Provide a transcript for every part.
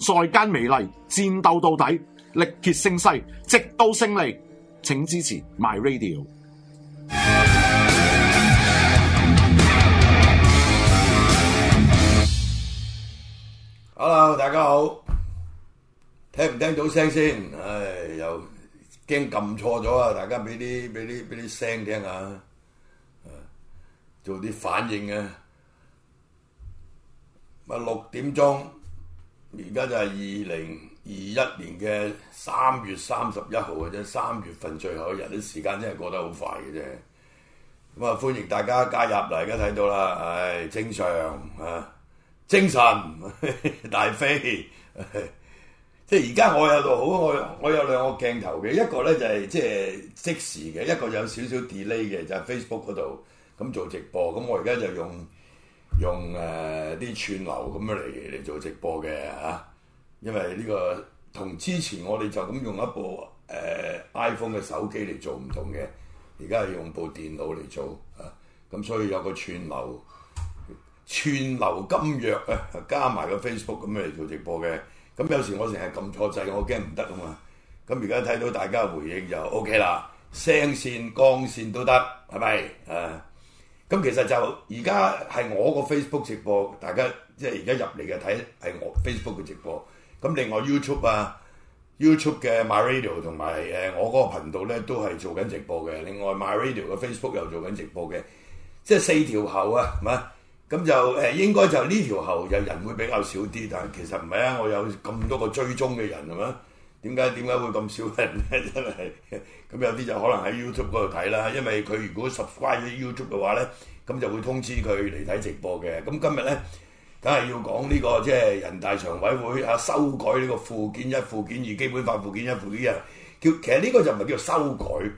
在間美麗，戰鬥到底，力竭聲嘶，直到勝利，請支持 My Radio。Hello，大家好，聽唔聽到聲先？唉，又驚撳錯咗啊！大家俾啲俾啲俾啲聲聽下，做啲反應啊！咪六點鐘。而家就係二零二一年嘅三月三十一號嘅啫，三月份最後一日，啲時間真係過得好快嘅啫。咁啊，歡迎大家加入，大家睇到啦，唉，正常啊，精神 大飛。即係而家我有度好，我我有兩個鏡頭嘅，一個咧就係即係即時嘅，一個有少少 delay 嘅，就喺 Facebook 嗰度咁做直播。咁我而家就用。用誒啲、呃、串流咁樣嚟嚟做直播嘅嚇、啊，因為呢、呢個同之前我哋就咁用一部誒、呃、iPhone 嘅手機嚟做唔同嘅，而家係用部電腦嚟做啊。咁所以有個串流串流金藥啊，加埋個 Facebook 咁樣嚟做直播嘅。咁、啊、有時我成日撳錯掣，我驚唔得啊嘛，咁而家睇到大家回應就 OK 啦，聲線光線都得係咪啊？咁其實就而家係我個 Facebook 直播，大家即係而家入嚟嘅睇係我 Facebook 嘅直播。咁另外 YouTube 啊、YouTube 嘅 MyRadio 同埋誒我嗰個頻道咧都係做緊直播嘅。另外 MyRadio 嘅 Facebook 又做緊直播嘅，即係四條喉啊，係咪？咁就誒應該就呢條喉有人會比較少啲，但係其實唔係啊，我有咁多個追蹤嘅人係咪？點解點解會咁少人咧？真係咁有啲就可能喺 YouTube 嗰度睇啦，因為佢如果 subscribe YouTube 嘅話咧，咁就會通知佢嚟睇直播嘅。咁今日咧，梗係要講呢、這個即係、就是、人大常委會啊，修改呢個附件一、附件二基本法附件一、附件二。叫其實呢個就唔係叫做修改，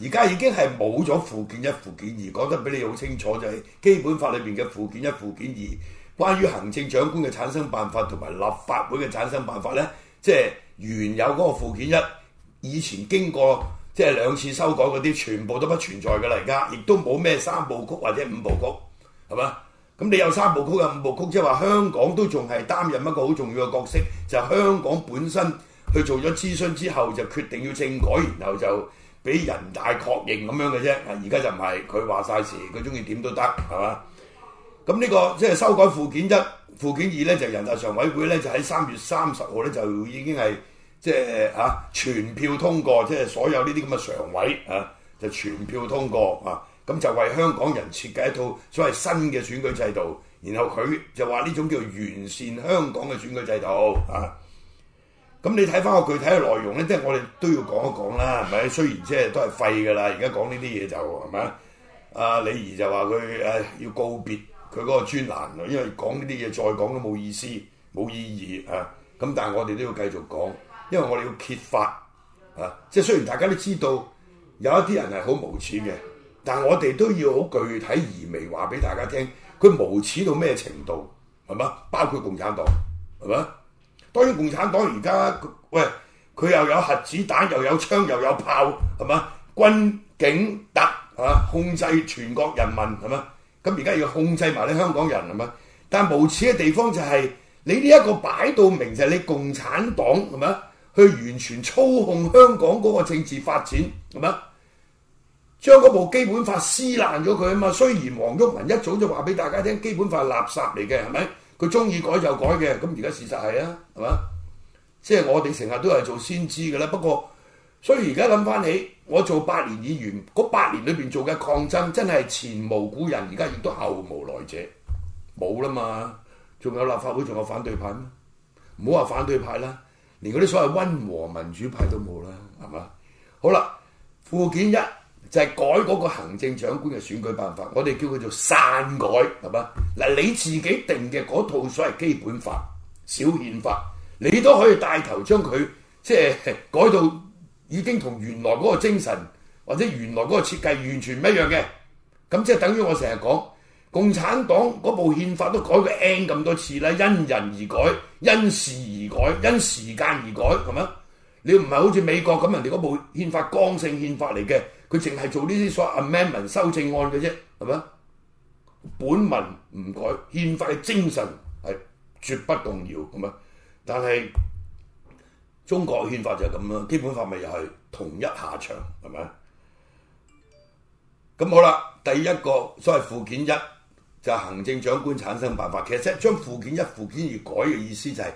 而家已經係冇咗附件一、附件二。講得俾你好清楚就係、是、基本法裏邊嘅附件一、附件二，關於行政長官嘅產生辦法同埋立法會嘅產生辦法咧。即係原有嗰個附件一，以前經過即係兩次修改嗰啲，全部都不存在嘅啦，而家亦都冇咩三部曲或者五部曲，係嘛？咁你有三部曲有五部曲，即係話香港都仲係擔任一個好重要嘅角色，就係香港本身去做咗諮詢之後，就決定要政改，然後就俾人大確認咁樣嘅啫。而家就唔係，佢話晒事，佢中意點都得，係嘛？咁呢個即係修改附件一。附件二咧就是、人大常委會咧就喺、是、三月三十號咧就已經係即係啊全票通過，即、就、係、是、所有呢啲咁嘅常委啊就全票通過啊，咁就為香港人設計一套所謂新嘅選舉制度。然後佢就話呢種叫做完善香港嘅選舉制度啊。咁你睇翻個具體嘅內容咧，即、就、係、是、我哋都要講一講啦，係咪？雖然即、就、係、是、都係廢嘅啦，而家講呢啲嘢就係咪啊？李儀就話佢誒要告別。佢嗰個專欄，因為講呢啲嘢再講都冇意思、冇意義嚇。咁、啊、但係我哋都要繼續講，因為我哋要揭發啊。即係雖然大家都知道有一啲人係好無恥嘅，但係我哋都要好具體而微話俾大家聽，佢無恥到咩程度係嘛？包括共產黨係嘛？當然共產黨而家喂佢又有核子彈又有槍又有炮係嘛？軍警特嚇、啊、控制全國人民係嘛？咁而家要控制埋你香港人係嘛？但無恥嘅地方就係、是、你呢一個擺到明就係你共產黨係嘛？去完全操控香港嗰個政治發展係嘛？將嗰部基本法撕爛咗佢啊嘛！雖然黃毓民一早就話俾大家聽基本法係垃圾嚟嘅係咪？佢中意改就改嘅，咁而家事實係啊係嘛？即係我哋成日都係做先知嘅啦，不過。所以而家諗翻起，我做八年議員，嗰八年裏邊做嘅抗爭，真係前無古人，而家亦都後無來者，冇啦嘛！仲有立法會，仲有反對派咩？唔好話反對派啦，連嗰啲所謂溫和民主派都冇啦，係嘛？好啦，附件一就係改嗰個行政長官嘅選舉辦法，我哋叫佢做刪改，係嘛？嗱，你自己定嘅嗰套所謂基本法、小憲法，你都可以帶頭將佢即係改到。已經同原來嗰個精神或者原來嗰個設計完全唔一樣嘅，咁即係等於我成日講，共產黨嗰部憲法都改過 N 咁多次啦，因人而改，因事而改，因時間而改，係咪？你唔係好似美國咁人哋嗰部憲法剛性憲法嚟嘅，佢淨係做呢啲所謂 amendment 修正案嘅啫，係咪？本文唔改，憲法嘅精神係絕不動搖，咁啊，但係。中國憲法就係咁啦，基本法咪又係同一下場，係咪？咁好啦，第一個所謂附件一就係行政長官產生辦法，其實即係將附件一附件二改嘅意思就係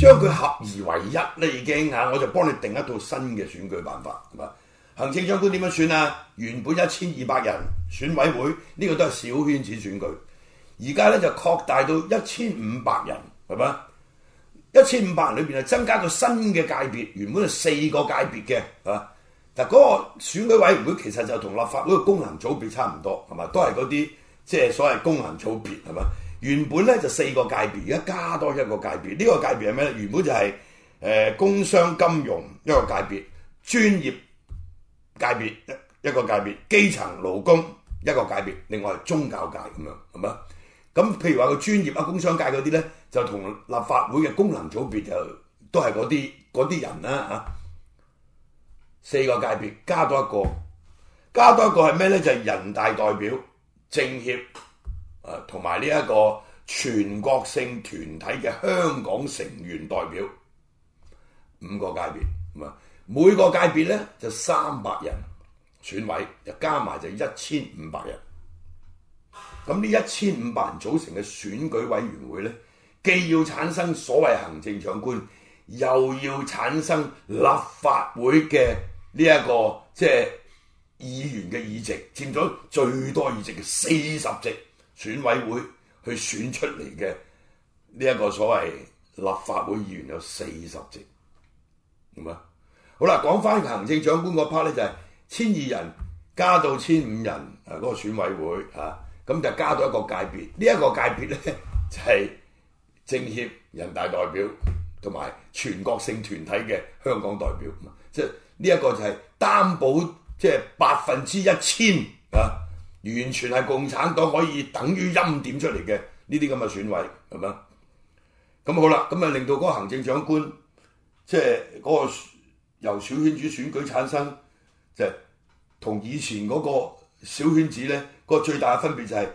將佢合而為一咧，已經嚇，我就幫你定一套新嘅選舉辦法，係咪？行政長官點樣選啊？原本一千二百人選委會，呢個都係小圈子選舉，而家咧就擴大到一千五百人，係咪？一千五百人裏邊係增加咗新嘅界別，原本係四個界別嘅，嚇。嗱嗰個選舉委員會其實就同立法會嘅功能組別差唔多，係嘛？都係嗰啲即係所謂功能組別，係嘛？原本咧就四個界別，而家加多一個界別。呢、這個界別係咩咧？原本就係、是、誒、呃、工商金融一個界別，專業界別一個界別一個界別，基層勞工一個界別，另外係宗教界咁樣，係嘛？咁譬如話個專業啊，工商界嗰啲咧，就同立法會嘅功能組別就都係嗰啲嗰啲人啦嚇、啊。四個界別加多一個，加多一個係咩咧？就係、人大代表、政協，誒同埋呢一個全國性團體嘅香港成員代表，五個界別。咁啊，每個界別咧就三百人選委，就加埋就一千五百人。咁呢一千五百人組成嘅選舉委員會咧，既要產生所謂行政長官，又要產生立法會嘅呢一個即係議員嘅議席，佔咗最多議席嘅四十席選委會去選出嚟嘅呢一個所謂立法會議員有四十席，咁啊，好啦，講翻行政長官個 part 咧，就係千二人加到千五人啊，嗰個選委會啊。咁就加到一個界別，呢、這、一個界別咧就係、是、政協、人大代表同埋全國性團體嘅香港代表，即係呢一個就係擔保，即、就、係、是、百分之一千啊，完全係共產黨可以等於陰點欽點出嚟嘅呢啲咁嘅選委，係咪啊？咁好啦，咁啊令到嗰個行政長官，即係嗰個由小圈子選舉產生，就同、是、以前嗰、那個。小圈子咧、呢個最大嘅分別就係、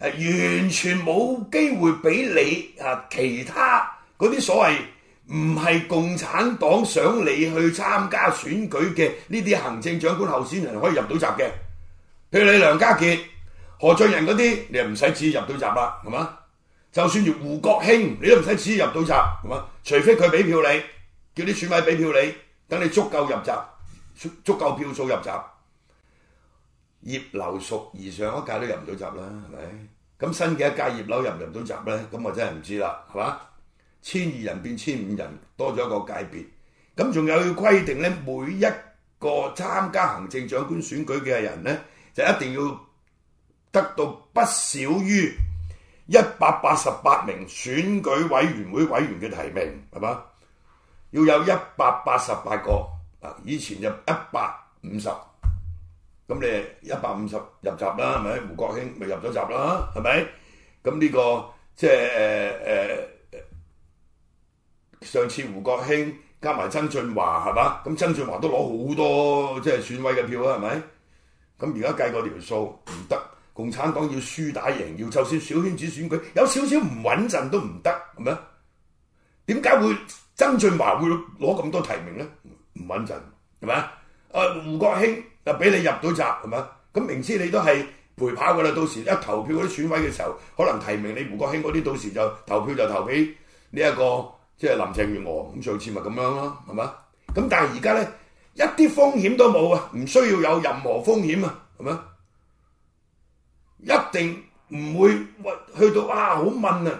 係，係完全冇機會俾你啊！其他嗰啲所謂唔係共產黨想你去參加選舉嘅呢啲行政長官候選人可以入到閘嘅，譬如你梁家傑、何俊仁嗰啲，你又唔使指意入到閘啦，係嘛？就算要胡國興，你都唔使指意入到閘，係嘛？除非佢俾票你，叫啲選委俾票你，等你足夠入閘，足夠票數入閘。葉劉淑儀上一屆都入唔到閘啦，係咪？咁新嘅一屆葉劉入唔入到閘咧？咁我真係唔知啦，係嘛？千二人變千五人，多咗一個界別。咁仲有要規定咧，每一個參加行政長官選舉嘅人咧，就一定要得到不少於一百八十八名選舉委員會委員嘅提名，係嘛？要有一百八十八個啊，以前就一百五十。咁你一百五十入閘啦，係咪？胡國興咪入咗閘啦，係咪？咁呢個即係誒誒，上次胡國興加埋曾俊華係嘛？咁曾俊華都攞好多即係選委嘅票啊，係咪？咁而家計過條數唔得，共產黨要輸打贏，要就算小圈子選舉有少少唔穩陣都唔得，係咪？點解會曾俊華會攞咁多提名咧？唔穩陣係咪啊？誒、呃、胡國興就俾你入到閘係嘛？咁明知你都係陪跑噶啦，到時一投票嗰啲選委嘅時候，可能提名你胡國興嗰啲，到時就投票就投俾呢一個即係、就是、林鄭月娥。咁上次咪咁樣啦，係嘛？咁但係而家咧一啲風險都冇啊，唔需要有任何風險啊，係咪？一定唔會去到啊好問啊，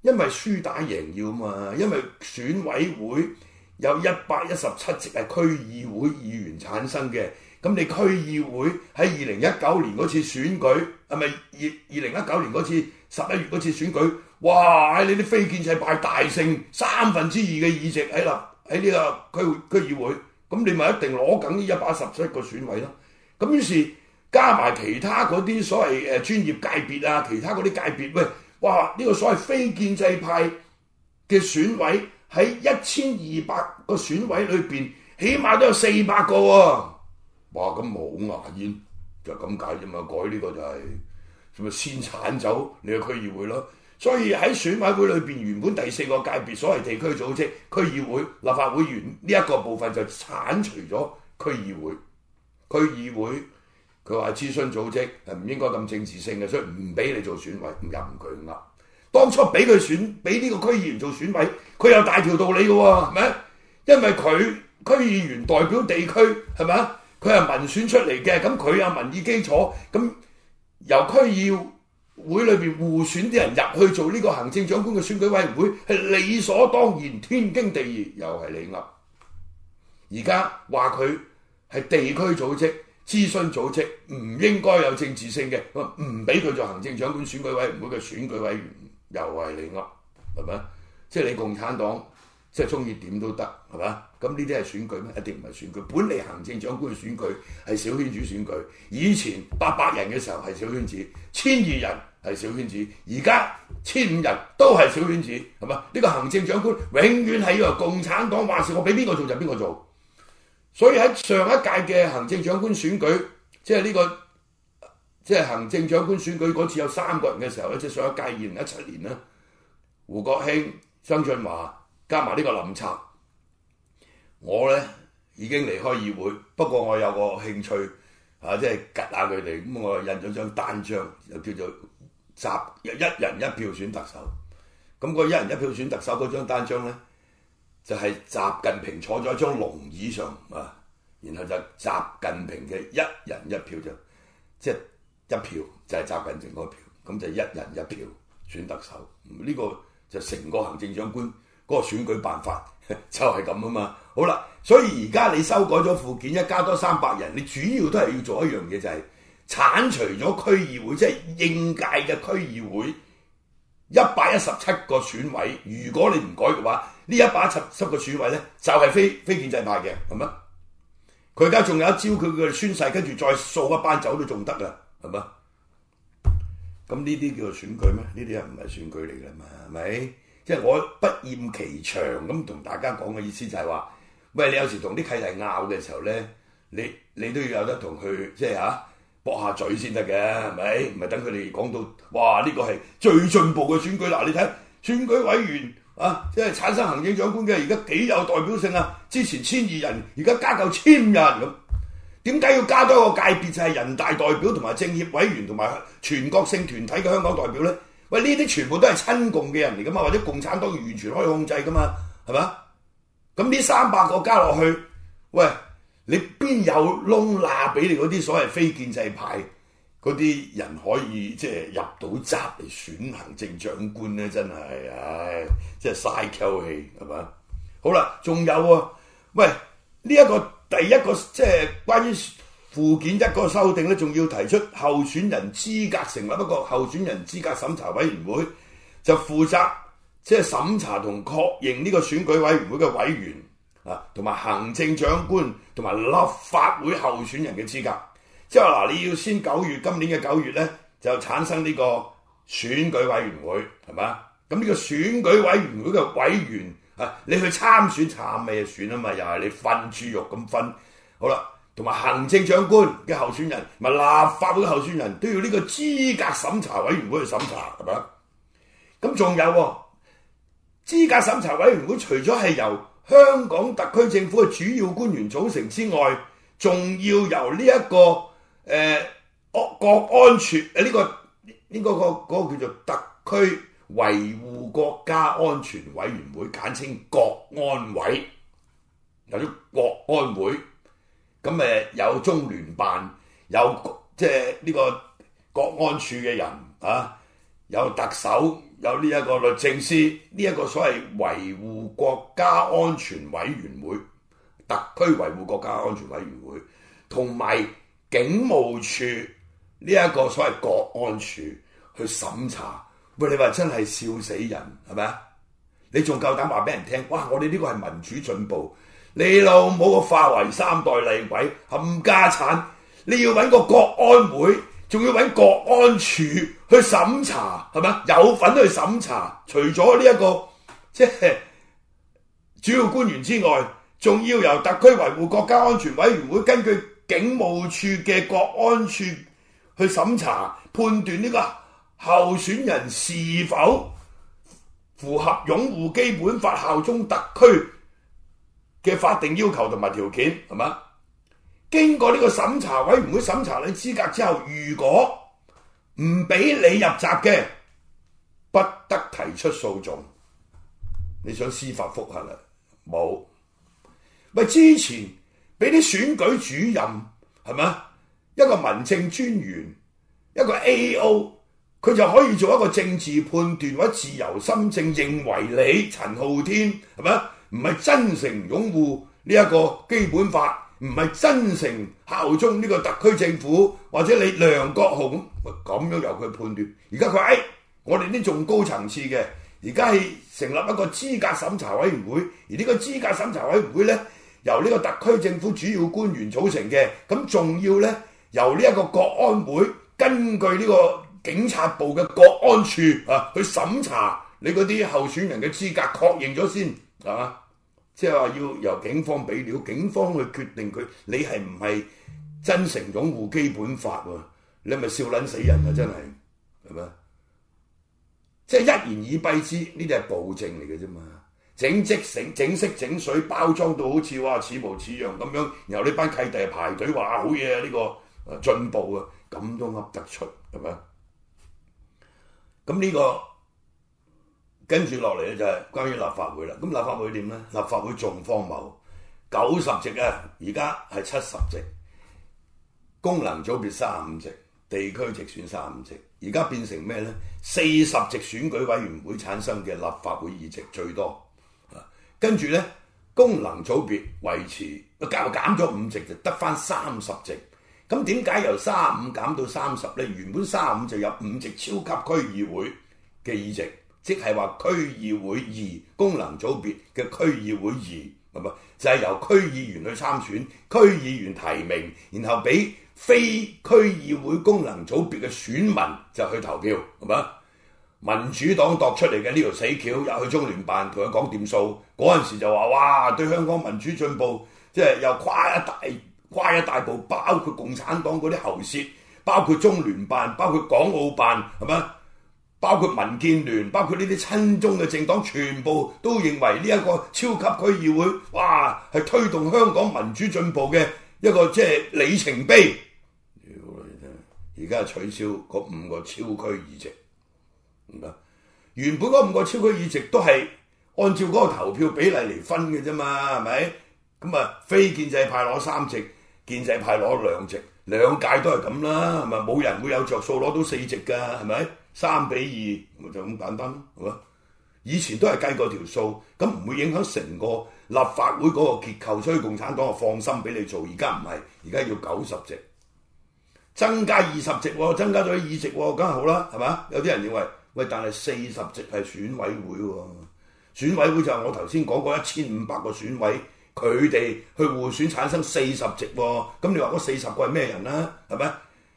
因為輸打贏要嘛，因為選委會。有一百一十七席係區議會議員產生嘅，咁你區議會喺二零一九年嗰次選舉，係咪二二零一九年嗰次十一月嗰次選舉？哇！你啲非建制派大勝三分之二嘅議席喺度，喺呢個區區議會，咁你咪一定攞緊呢一百一十七個選委咯。咁於是加埋其他嗰啲所謂誒專業界別啊，其他嗰啲界別，喂，哇！呢個所謂非建制派嘅選委。喺一千二百個選委裏邊，起碼都有四百個喎，啊。哇！咁冇牙煙就咁解啫嘛。改呢個就係咁啊，先剷走你嘅區議會咯。所以喺選委會裏邊，原本第四個界別，所謂地區組織、區議會、立法會議員呢一個部分就剷除咗區議會。區議會佢話諮詢組織係唔應該咁政治性嘅，所以唔俾你做選委，唔任佢啦。當初俾佢選，俾呢個區議員做選委，佢有大條道理嘅，係咪？因為佢區議員代表地區，係咪？佢係民選出嚟嘅，咁佢有民意基礎，咁由區議會裏邊互選啲人入去做呢個行政長官嘅選舉委員會，係理所當然，天經地義，又係你噏。而家話佢係地區組織、諮詢組織，唔應該有政治性嘅，唔俾佢做行政長官選舉委員會嘅選舉委員。又係你惡，係咪？即係你共產黨，即係中意點都得係咪？咁呢啲係選舉咩？一定唔係選舉。本嚟行政長官嘅選舉係小圈子選舉，以前八百人嘅時候係小圈子，千二人係小圈子，而家千五人都係小圈子，係咪？呢個行政長官永遠係以為共產黨話事，我俾邊個做就邊個做。所以喺上一屆嘅行政長官選舉，即係呢個。即係行政長官選舉嗰次有三個人嘅時候咧，即係上一屆二零一七年咧，胡國興、曾俊華加埋呢個林鄭。我咧，已經離開議會，不過我有個興趣吓，啊，即係 𥄫 下佢哋，咁我印咗張單張，又叫做集一人一票選特首。咁嗰一人一票選特首嗰張單張咧，就係習近平坐咗喺張龍椅上啊，然後就習近平嘅一人一票就即係。一票就係習近平嗰票，咁就一人一票選特首。呢、這個就成個行政長官嗰個選舉辦法就係咁啊嘛。好啦，所以而家你修改咗附件一，加多三百人，你主要都係要做一樣嘢，就係、是、剷除咗區議會，即、就、係、是、應屆嘅區議會一百一十七個選委。如果你唔改嘅話，呢一百一十七個選委咧就係、是、非非建制派嘅咁啊。佢而家仲有一招，佢嘅宣誓跟住再掃一班走都仲得啊！係嘛？咁呢啲叫做選舉咩？呢啲又唔係選舉嚟㗎嘛，係咪？即係我不厭其長咁同大家講嘅意思就係話，喂，你有時同啲契弟拗嘅時候咧，你你都要有得同佢即係嚇駁下嘴先得嘅，係咪？唔係等佢哋講到，哇！呢個係最進步嘅選舉啦！你睇選舉委員啊，即係產生行政長官嘅而家幾有代表性啊！之前千二人，而家加夠千五人咁。點解要加多一個界別就係、是、人大代表同埋政協委員同埋全國性團體嘅香港代表咧？喂，呢啲全部都係親共嘅人嚟噶嘛？或者共產黨完全可以控制噶嘛？係嘛？咁呢三百個加落去，喂，你邊有窿罅俾你嗰啲所謂非建制派嗰啲人可以即係、就是、入到閘嚟選行政長官咧？真係，唉、哎，即係嘥 q 氣係嘛？好啦，仲有啊，喂，呢、這、一個。第一個即係關於附件一個修訂咧，仲要提出候選人資格，成立一個候選人資格審查委員會，就負責即係審查同確認呢個選舉委員會嘅委員啊，同埋行政長官同埋立法會候選人嘅資格。即係嗱，你要先九月今年嘅九月咧，就產生呢個選舉委員會，係嘛？咁呢個選舉委員會嘅委員。你去參選慘咩選啊嘛，又係你分豬肉咁分，好啦，同埋行政長官嘅候選人，咪立法會嘅候選人都要呢個資格審查委員會去審查係嘛？咁仲有資格審查委員會，除咗係由香港特區政府嘅主要官員組成之外，仲要由呢、呢、一個誒國、呃、國安全誒呢、呃呢個呢、呢個、嗰個嗰、嗰個叫做特區。維護國家安全委員會，簡稱國安委，或者國安會，咁誒有中聯辦，有即係呢個國安處嘅人啊，有特首，有呢一個律政司，呢一個所謂維護國家安全委員會，特區維護國家安全委員會，同埋警務處呢一個所謂國安處去審查。佢你話真係笑死人，係咪啊？你仲夠膽話俾人聽？哇！我哋呢個係民主進步，你老母個化為三代厲鬼冚家產，你要搵個國安會，仲要搵國安處去審查，係咪啊？有份去審查，除咗呢一個即係主要官員之外，仲要由特區維護國家安全委員會根據警務處嘅國安處去審查判斷呢個。候選人是否符合擁護基本法、效忠特區嘅法定要求同埋條件，係嘛？經過呢個審查委員會審查你資格之後，如果唔俾你入閘嘅，不得提出訴訟。你想司法複核啊？冇咪之前俾啲選舉主任，係嘛？一個民政專員，一個 AO。佢就可以做一個政治判斷，或者自由心證認為你陳浩天係咪唔係真誠擁護呢一個基本法，唔係真誠效忠呢個特區政府，或者你梁國雄咁咁樣由佢判斷。而家佢話，哎，我哋呢仲高層次嘅，而家係成立一個資格審查委員會，而呢個資格審查委員會呢，由呢個特區政府主要官員組成嘅，咁仲要呢，由呢一個國安會根據呢個。警察部嘅國安處啊，去審查你嗰啲候選人嘅資格確認咗先啊，即係話要由警方俾料，警方去決定佢你係唔係真誠擁護基本法喎，啊？你係咪笑撚死人啊？真係係咪？即係、就是、一言以蔽之，呢啲係暴政嚟嘅啫嘛，整色成、整色整水包裝到好似哇似模似樣咁樣，然後呢班契弟排隊話好嘢啊呢、啊呢個啊進步啊，咁都噏得出係咪？咁呢個跟住落嚟咧就係關於立法會啦。咁立法會點咧？立法會仲荒謬，九十席啊，而家係七十席。功能組別三十五席，地區直選三十五席，而家變成咩咧？四十席選舉委員會產生嘅立法會議席最多，跟住咧，功能組別維持，又減咗五席，就得翻三十席。咁點解由三十五減到三十呢？原本三十五就有五席超級區議會嘅議席，即係話區議會二功能組別嘅區議會二，係咪就係、是、由區議員去參選，區議員提名，然後俾非區議會功能組別嘅選民就去投票，係咪民主黨度出嚟嘅呢條死橋又去中聯辦，同佢講點數，嗰陣時就話哇，對香港民主進步，即係又跨一大。跨一大步，包括共產黨嗰啲喉舌，包括中聯辦，包括港澳辦，係咪？包括民建聯，包括呢啲親中嘅政黨，全部都認為呢一個超級區議會，哇，係推動香港民主進步嘅一個即係、就是、里程碑。而家取消嗰五個超區議席，唔得。原本嗰五個超區議席都係按照嗰個投票比例嚟分嘅啫嘛，係咪？咁啊，非建制派攞三席。建制派攞兩席，兩屆都係咁啦，係咪冇人會有着數攞到四席㗎？係咪三比二咪就咁簡單咯？係嘛？以前都係計過條數，咁唔會影響成個立法會嗰個結構，所以共產黨就放心俾你做。而家唔係，而家要九十席，增加二十席，增加咗二十席，梗係好啦，係嘛？有啲人認為，喂，但係四十席係選委會喎、啊，選委會就係我頭先講過一千五百個選委。佢哋去互選產生四十席、啊，咁你話嗰四十個係咩人啦、啊？係咪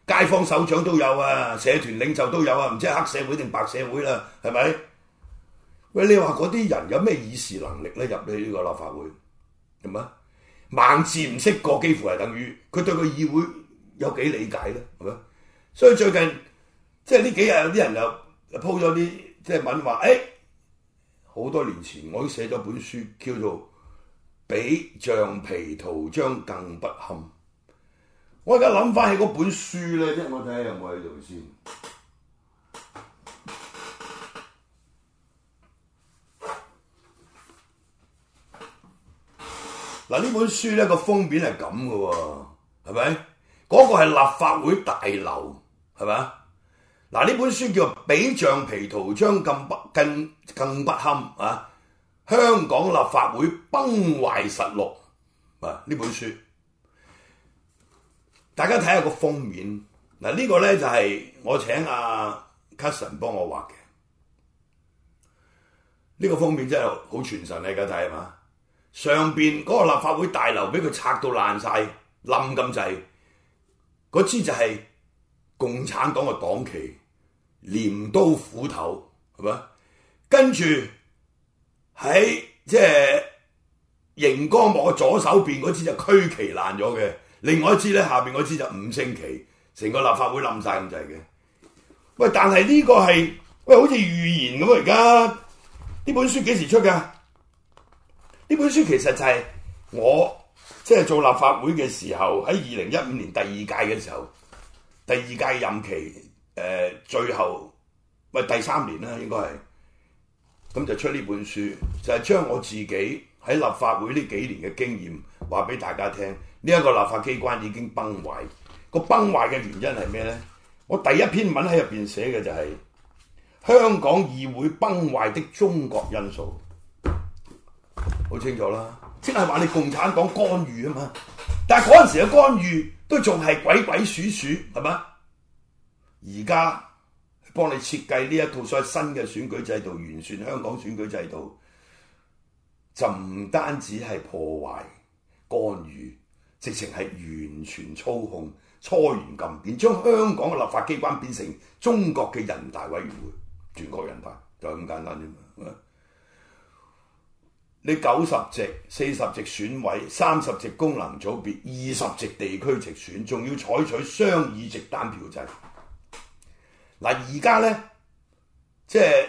街坊首長都有啊，社團領袖都有啊，唔知係黑社會定白社會啦、啊？係咪？喂，你話嗰啲人有咩議事能力咧？入去呢個立法會係咪？萬字唔識過，幾乎係等於佢對個議會有幾理解咧？係咪？所以最近即係呢幾日有啲人又，又鋪咗啲即係問話，誒，好多年前我都寫咗本書叫做比橡皮圖章更不堪，我而家諗翻起嗰本書咧，即係我睇下有冇喺度先。嗱呢， 本書咧個封面係咁噶喎，係咪？嗰、嗰個係立法會大樓，係咪？嗱，呢本書叫做《比橡皮圖章更不更更不堪》啊！香港立法會崩壞實錄啊！呢本書，大家睇下個封面嗱，呢、這個咧就係我請阿、啊、Cuson 幫我畫嘅。呢、這個封面真係好傳神你而家睇啊嘛。上邊嗰個立法會大樓俾佢拆到爛晒，冧咁滯。嗰支就係共產黨嘅黨旗，鐮刀斧頭係咪？跟住。喺，即係熒光幕左手邊嗰支就區旗爛咗嘅，另外一支咧下邊嗰支就五星旗，成個立法會冧晒咁滯嘅。喂，但係呢個係喂好似預言咁。而家呢本書幾時出㗎？呢本書其實就係我即係、就是、做立法會嘅時候，喺二零一五年第二屆嘅時候，第二屆任期誒、呃、最後喂第三年啦，應該係。咁就出呢本書，就係將我自己喺立法會呢幾年嘅經驗話俾大家聽。呢一個立法機關已經崩壞，個崩壞嘅原因係咩呢？我第一篇文喺入邊寫嘅就係香港議會崩壞的中國因素，好清楚啦，即係話你共產黨干預啊嘛。但係嗰陣時嘅干預都仲係鬼鬼祟祟，係咪？而家，幫你設計呢一套所謂新嘅選舉制度，完善香港選舉制度，就唔單止係破壞、干預，直情係完全操控、搓圓撳扁，將香港嘅立法機關變成中國嘅人大委員會、全國人大，就咁簡單啫嘛。你九十席、四十席選委、三十席功能組別、二十席地區直選，仲要採取雙議席單票制。嗱而家咧，即係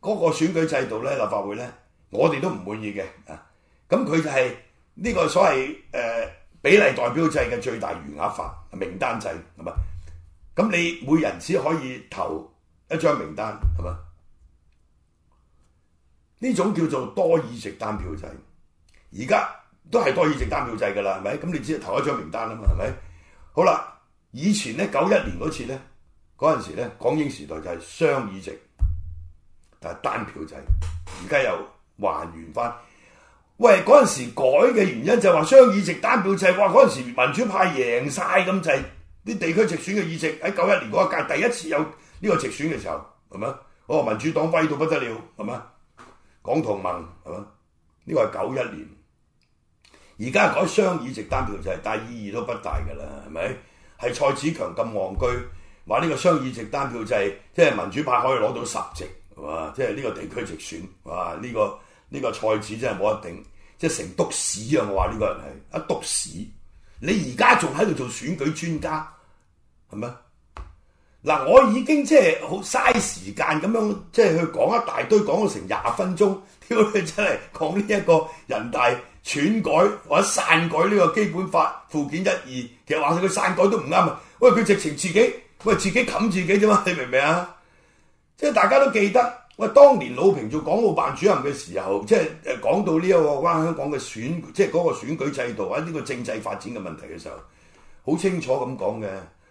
嗰個選舉制度咧，立法會咧，我哋都唔滿意嘅啊！咁佢就係呢個所謂誒、呃、比例代表制嘅最大餘額法、名單制，係咪？咁你每人只可以投一張名單，係咪？呢種叫做多議席單票制，而家都係多議席單票制噶啦，係咪？咁你只係投一張名單啊嘛，係咪？好啦，以前咧九一年嗰次咧。嗰陣時咧，港英時代就係雙議席，但係單票制。而家又還原翻。喂，嗰陣時改嘅原因就係話雙議席、單票制。哇，嗰陣時民主派贏晒咁滯，啲地區直選嘅議席喺九一年嗰屆第一次有呢個直選嘅時候，係咪啊？哦，民主黨威到不得了，係咪啊？港同盟，係咪啊？呢個係九一年。而家改雙議席、單票制，但係意義都不大㗎啦，係咪？係蔡子強咁戇居。話呢個雙議席單票制，就是，即係民主派可以攞到十席，係嘛？即係呢個地區直選，哇！呢、這個呢、這個賽事真係冇一定，即係成篤屎啊！我話呢個人係一篤屎，你而家仲喺度做選舉專家係咩？嗱，我已經即係好嘥時間咁樣，即係去講一大堆，講咗成廿分鐘，屌你真係講呢一個人大篡改或者篡改呢個基本法附件一二，其實話佢篡改都唔啱啊！喂，佢直情自己。喂，自己冚自己啫嘛，你明唔明啊？即係大家都記得，喂，當年魯平做港澳辦主任嘅時候，即係誒講到呢一個關香港嘅選，即係嗰個選舉制度或者呢個政制發展嘅問題嘅時候，好清楚咁講嘅。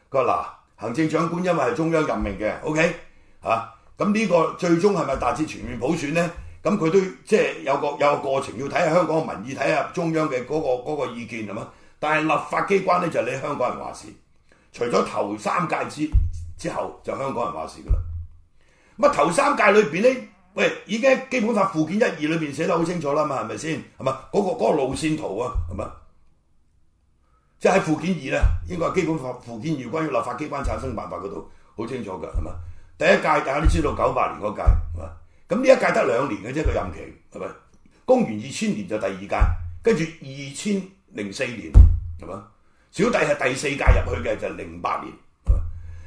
佢話嗱，行政長官因為係中央任命嘅，OK，啊，咁呢個最終係咪達至全面普選咧？咁佢都即係有個有個過程，要睇下香港嘅民意，睇下中央嘅嗰、嗰個嗰個意見係嗎？但係立法機關咧就係、係、你香港人話事。除咗頭三屆之之後，就香港人話事噶啦。咁頭三屆裏邊咧，喂，已經基本法附件一、二裏邊寫得好清楚啦嘛，係咪先？係咪嗰個嗰個路線圖啊？係咪？即係附件二咧，應該係基本法附件二關於立法機關產生辦法嗰度，好清楚噶，係嘛？第一屆大家都知道九八年嗰屆，係嘛？咁呢一屆得兩年嘅啫，個任期係咪？公元二千年就第二屆，跟住二千零四年係嘛？小弟係第四屆入去嘅，就係零八年。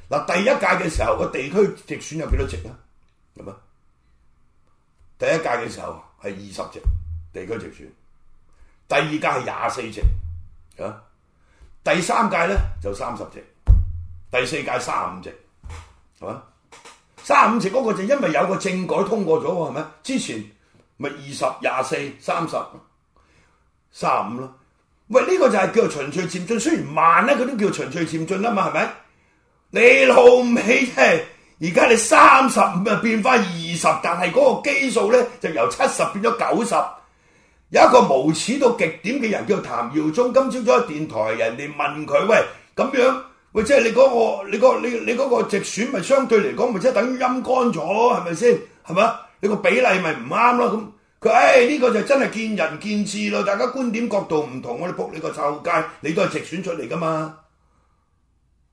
嗱，第一屆嘅時候個地區直選有幾多席啊？咁啊，第一屆嘅時候係二十席地區直選，第二屆係廿四席，啊，第三屆咧就三十席，第四屆三五席，係嘛？卅五席嗰個就因為有個政改通過咗喎，係咪？之前咪二十、廿四、三十、卅五咯。喂，呢個就係叫循序漸進，雖然慢啦，佢都叫循序漸進啦嘛，係咪？你老味係，而家你三十五啊變翻二十，但係嗰個基數咧就由七十變咗九十。有一個無恥到極點嘅人叫譚耀宗，今朝早喺電台，人哋問佢：喂，咁樣喂，即係你嗰個你個你你嗰個直選咪相對嚟講，咪即係等於陰乾咗咯，係咪先？係咪？你個比例咪唔啱咯咁。佢誒，呢、哎這個就真係見仁見智咯。大家觀點角度唔同，我哋扑你個臭街，你都係直選出嚟㗎嘛，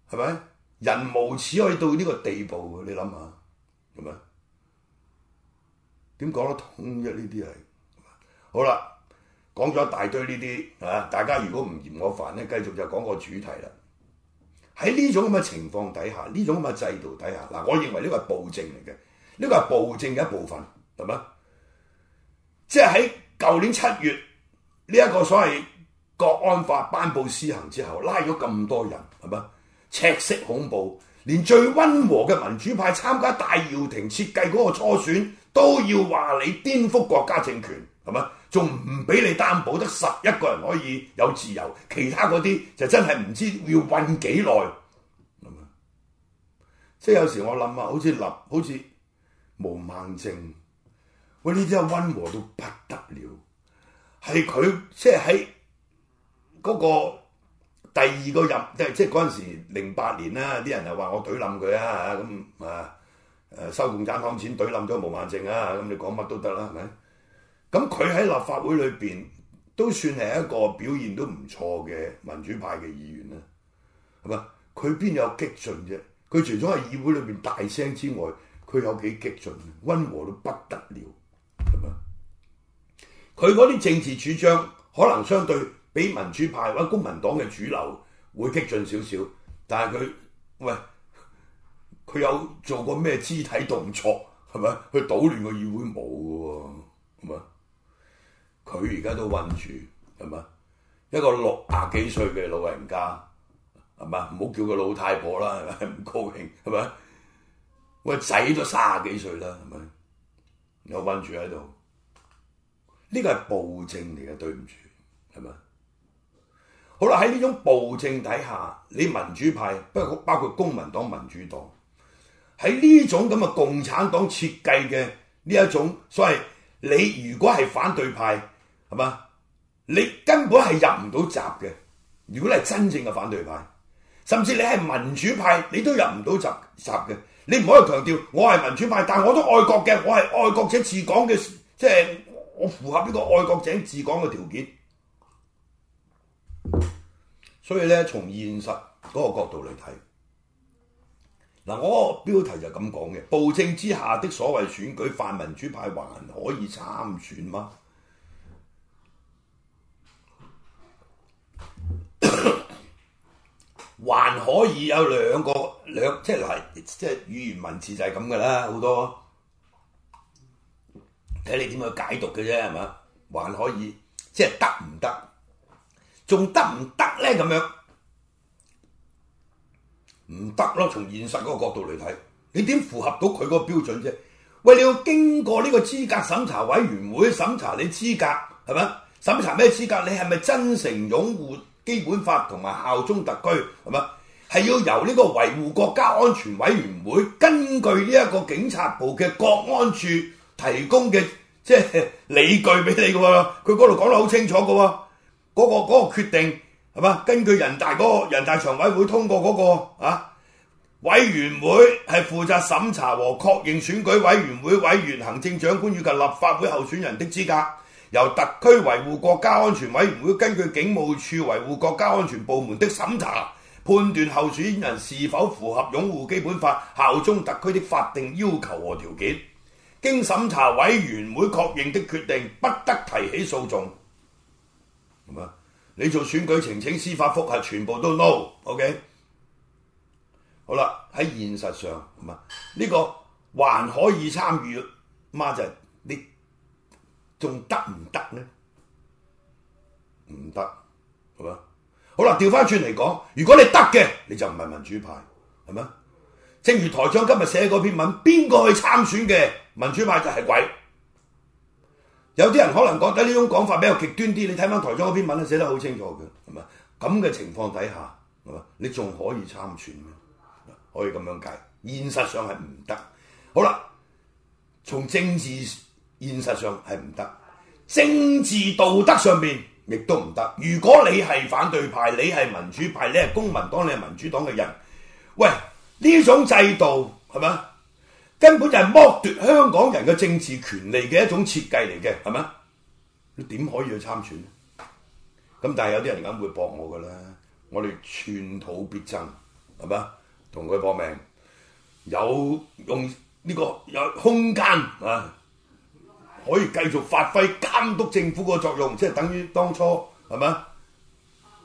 係咪？人無恥可以到呢個地步，你諗下，係咪？點講得通一，呢啲係好啦，講咗一大堆呢啲啊！大家如果唔嫌我煩咧，繼續就講個主題啦。喺呢種咁嘅情況底下，呢種咁嘅制度底下，嗱，我認為呢個係暴政嚟嘅，呢個係暴政嘅一部分，係咪？即係喺舊年七月呢一個所謂國安法頒布施行之後，拉咗咁多人係嘛？赤色恐怖，連最溫和嘅民主派參加戴耀廷設計嗰個初選，都要話你顛覆國家政權係嘛？仲唔俾你擔保得十一個人可以有自由，其他嗰啲就真係唔知要困幾耐。係嘛？即係有時我諗下，好似立，好似毛孟靜。佢呢啲係溫和到不得了，係佢即係喺個第二個任即係即係嗰陣時零八年啦，啲人又話我懟冧佢啊，咁啊，收共產黨錢懟冧咗毛孟靜啊，咁你講乜都得啦，係咪？咁佢喺立法會裏邊都算係一個表現都唔錯嘅民主派嘅議員啊，係咪？佢邊有激進啫？佢除咗喺議會裏邊大聲之外，佢有幾激進？溫和到不得。佢嗰啲政治主張可能相對比民主派或者公民黨嘅主流會激進少少，但係佢，喂，佢有做過咩肢體動作，係咪去搗亂個議會？冇嘅喎？係咪佢而家都韞住，係咪一個六廿幾歲嘅老人家，係咪？唔好叫佢老太婆啦，係咪唔高興，係咪？喂，仔都三十幾歲啦，係咪有韞住喺度？呢個係暴政嚟嘅，對唔住，係咪？好啦，喺呢種暴政底下，你民主派，包括包括公民黨、民主黨，喺呢種咁嘅共產黨設計嘅呢一種，所謂你如果係反對派，係咪？你根本係入唔到閘嘅。如果你係真正嘅反對派，甚至你係民主派，你都入唔到閘閘嘅。你唔可以強調我係民主派，但我都愛國嘅，我係愛國者治港嘅，即係。我符合呢個愛國者治港嘅條件，所以咧從現實嗰個角度嚟睇，嗱我個標題就咁講嘅，暴政之下的所謂選舉，泛民主派還可以參選嗎？ 還可以有兩個兩即係即係語言文字就係咁噶啦，好多。睇你點樣去解讀嘅啫，係嘛？還可以即係得唔得？仲得唔得咧？咁樣唔得咯。從現實嗰個角度嚟睇，你點符合到佢嗰個標準啫？喂！你要經過呢個資格審查委員會審查你資格係咪？審查咩資格？你係咪真誠擁護基本法同埋效忠特區係咪？係要由呢個維護國家安全委員會根據呢一個警察部嘅國安處。提供嘅即係理據俾你嘅喎，佢嗰度講得好清楚嘅喎，嗰個嗰個決定係嘛？根據人大嗰個人大常委會通過嗰個啊，委員會係負責審查和確認選舉委員會委員、行政長官以及立法會候選人的資格，由特區維護國家安全委員會根據警務處維護國家安全部門的審查判斷候選人是否符合擁護基本法、效忠特區的法定要求和條件。經審查委員會確認的決定，不得提起訴訟。係嘛？你做選舉呈請司法複核，全部都 no okay?。OK。好啦，喺現實上，係嘛？呢、呢個還可以參與。Martin，你仲得唔得呢？唔得，係嘛？好啦，調翻轉嚟講，如果你得嘅，你就唔係民主派，係嘛？正如台長今日寫嗰篇文，邊個去參選嘅？民主派就係鬼，有啲人可能覺得呢種講法比較極端啲。你睇翻台中嗰篇文咧，寫得好清楚嘅，係咪？咁嘅情況底下，係咪？你仲可以參選咩？可以咁樣解？現實上係唔得。好啦，從政治現實上係唔得，政治道德上面亦都唔得。如果你係反對派，你係民主派，你係公民黨，你係民主黨嘅人，喂，呢種制度係咪根本就係剝奪香港人嘅政治權利嘅一種設計嚟嘅，係咪？你點可以去參選咧？咁但係有啲人咁會駁我噶啦，我哋寸土必爭，係咪？同佢搏命，有用呢、呢個有空間啊，可以繼續發揮監督政府個作用，即係等於當初係咪？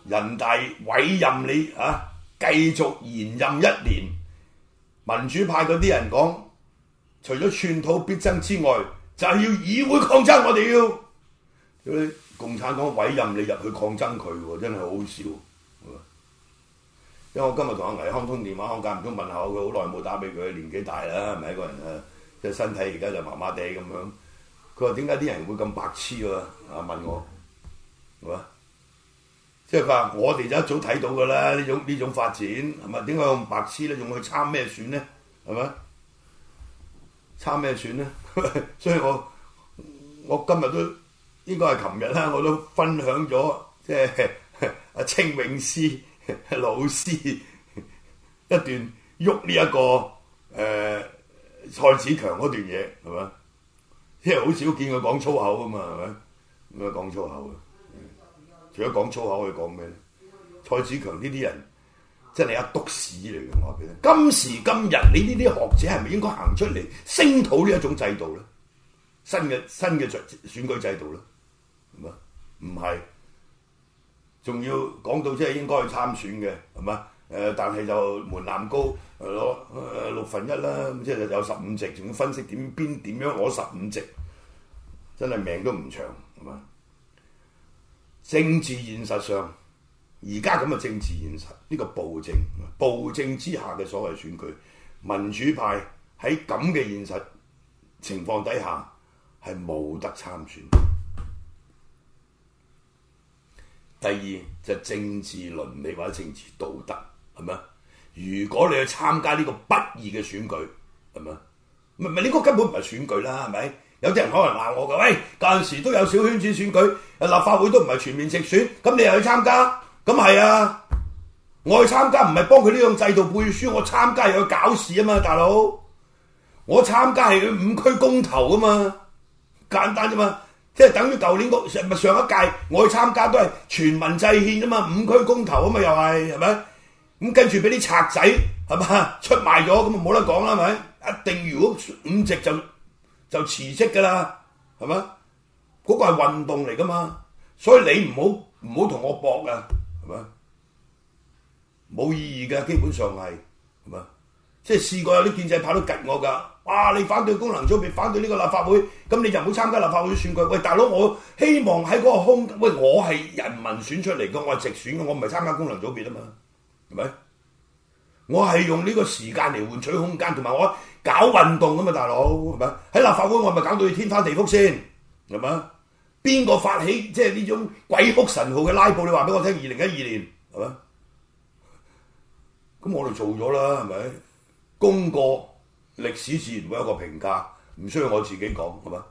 人大委任你啊，繼續延任一年，民主派嗰啲人講。除咗寸土必爭之外，就係、是、要議會抗爭我。我哋要，因為共產黨委任你入去抗爭佢喎，真係好笑！因為我今日同阿倪康通電話，我間唔中問下佢，佢好耐冇打俾佢，年紀大啦，係咪一個人啊，即係身體而家就麻麻地咁樣。佢話點解啲人會咁白痴喎？啊問我，係嘛？即係佢話我哋就一早睇到噶啦，呢種呢種發展係咪？點解咁白痴咧？用去參咩選呢？係咪？參咩選咧？呢 所以我我今日都應該係琴日啦，我都分享咗即係阿清永師、啊、老師一段喐呢一個誒、呃、蔡子強嗰段嘢係嘛？因為好少見佢講粗口啊嘛，係咪？咁啊講粗口啊！除咗講粗口可以講咩？蔡子強呢啲人。真係一篤屎嚟嘅，我記得今時今日你呢啲學者係咪應該行出嚟聲討呢一種制度咧？新嘅新嘅選選舉制度咧，係嘛？唔係，仲要講到即係應該去參選嘅係嘛？誒、呃，但係就門檻高，攞、呃、六分一啦，咁即係有十五席，仲要分析點邊點樣攞十五席，真係命都唔長，係嘛？政治現實上。而家咁嘅政治現實，呢個暴政，暴政之下嘅所謂選舉，民主派喺咁嘅現實情況底下係冇得參選。第二就係政治倫理或者政治道德，係咪？如果你去參加呢個不義嘅選舉，係咪？唔唔，呢個根本唔係選舉啦，係咪？有啲人可能鬧我㗎，喂，嗰陣時都有小圈子選舉，立法會都唔係全面直選，咁你又去參加？咁係啊！我去參加唔係幫佢呢種制度背書，我參加又去搞事啊嘛，大佬！我參加係去五區公投啊嘛，簡單啫嘛，即係等於舊年嗰上咪上一屆我去參加都係全民制憲啫嘛，五區公投啊嘛，又係係咪？咁跟住俾啲賊仔係嘛出賣咗，咁啊冇得講啦，係咪？一定如果五席就就辭職噶啦，係嘛？嗰個係運動嚟噶嘛，所以你唔好唔好同我搏啊！係嘛？冇意義噶，基本上係，係嘛？即係試過有啲建制派都激我噶，哇！你反對功能組別，反對呢個立法會，咁你就唔好參加立法會選舉。喂，大佬，我希望喺嗰個空，喂，我係人民選出嚟嘅，我係直選嘅，我唔係參加功能組別啊嘛，係咪？我係用呢個時間嚟換取空間，同埋我搞運動啊嘛，大佬，係咪？喺立法會我係咪搞到天翻地覆先？係嘛？邊個發起即係呢種鬼哭神號嘅拉布？你話俾我聽，二零一二年係嘛？咁我就做咗啦，係咪？功過歷史自然會有個評價，唔需要我自己講，係嘛？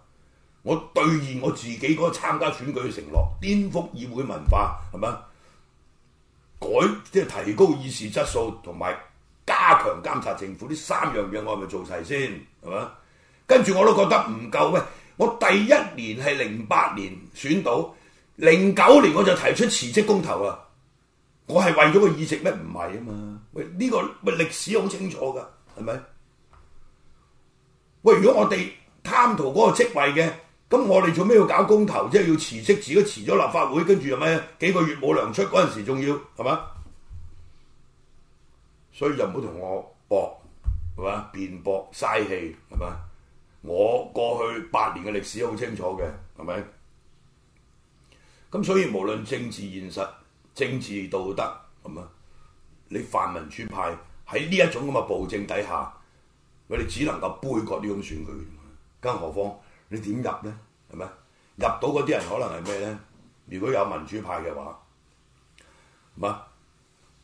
我兌現我自己嗰個參加選舉嘅承諾，顛覆議會文化，係嘛？改即係提高議事質素，同埋加強監察政府，呢三樣嘢我係咪做齊先，係嘛？跟住我都覺得唔夠，喂！我第一年係零八年選到，零九年我就提出辭職公投啊！我係為咗個議席咩？唔係啊嘛！喂，呢、這個喂歷史好清楚噶，係咪？喂，如果我哋貪圖嗰個職位嘅，咁我哋做咩要搞公投？即係要辭職，自己辭咗立法會，跟住係咪？幾個月冇糧出嗰陣時，仲要係嘛？所以就唔好同我搏係嘛？辯駁嘥氣係嘛？我過去八年嘅歷史好清楚嘅，係咪？咁所以無論政治現實、政治道德，係嘛，你泛民主派喺呢一種咁嘅暴政底下，你只能夠杯葛呢種選舉，更何況你點入呢？係咪？入到嗰啲人可能係咩咧？如果有民主派嘅話，係嘛。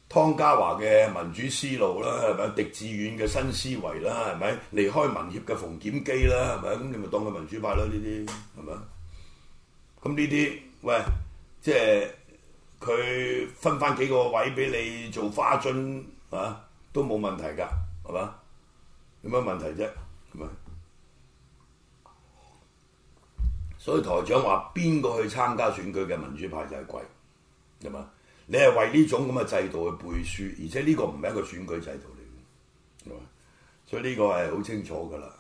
湯家驊嘅民主思路啦，係咪？狄志遠嘅新思維啦，係咪？離開民協嘅馮檢基啦，係咪？咁你咪當佢民主派咯，呢啲係咪？咁呢啲喂，即係佢分翻幾個位俾你做花樽啊，都冇問題㗎，係嘛？有乜問題啫？咁啊？所以台長話：邊個去參加選舉嘅民主派就係鬼，係咪？你係為呢種制度去背書，而且呢個唔係一個選舉制度嚟，所以呢個係好清楚㗎啦。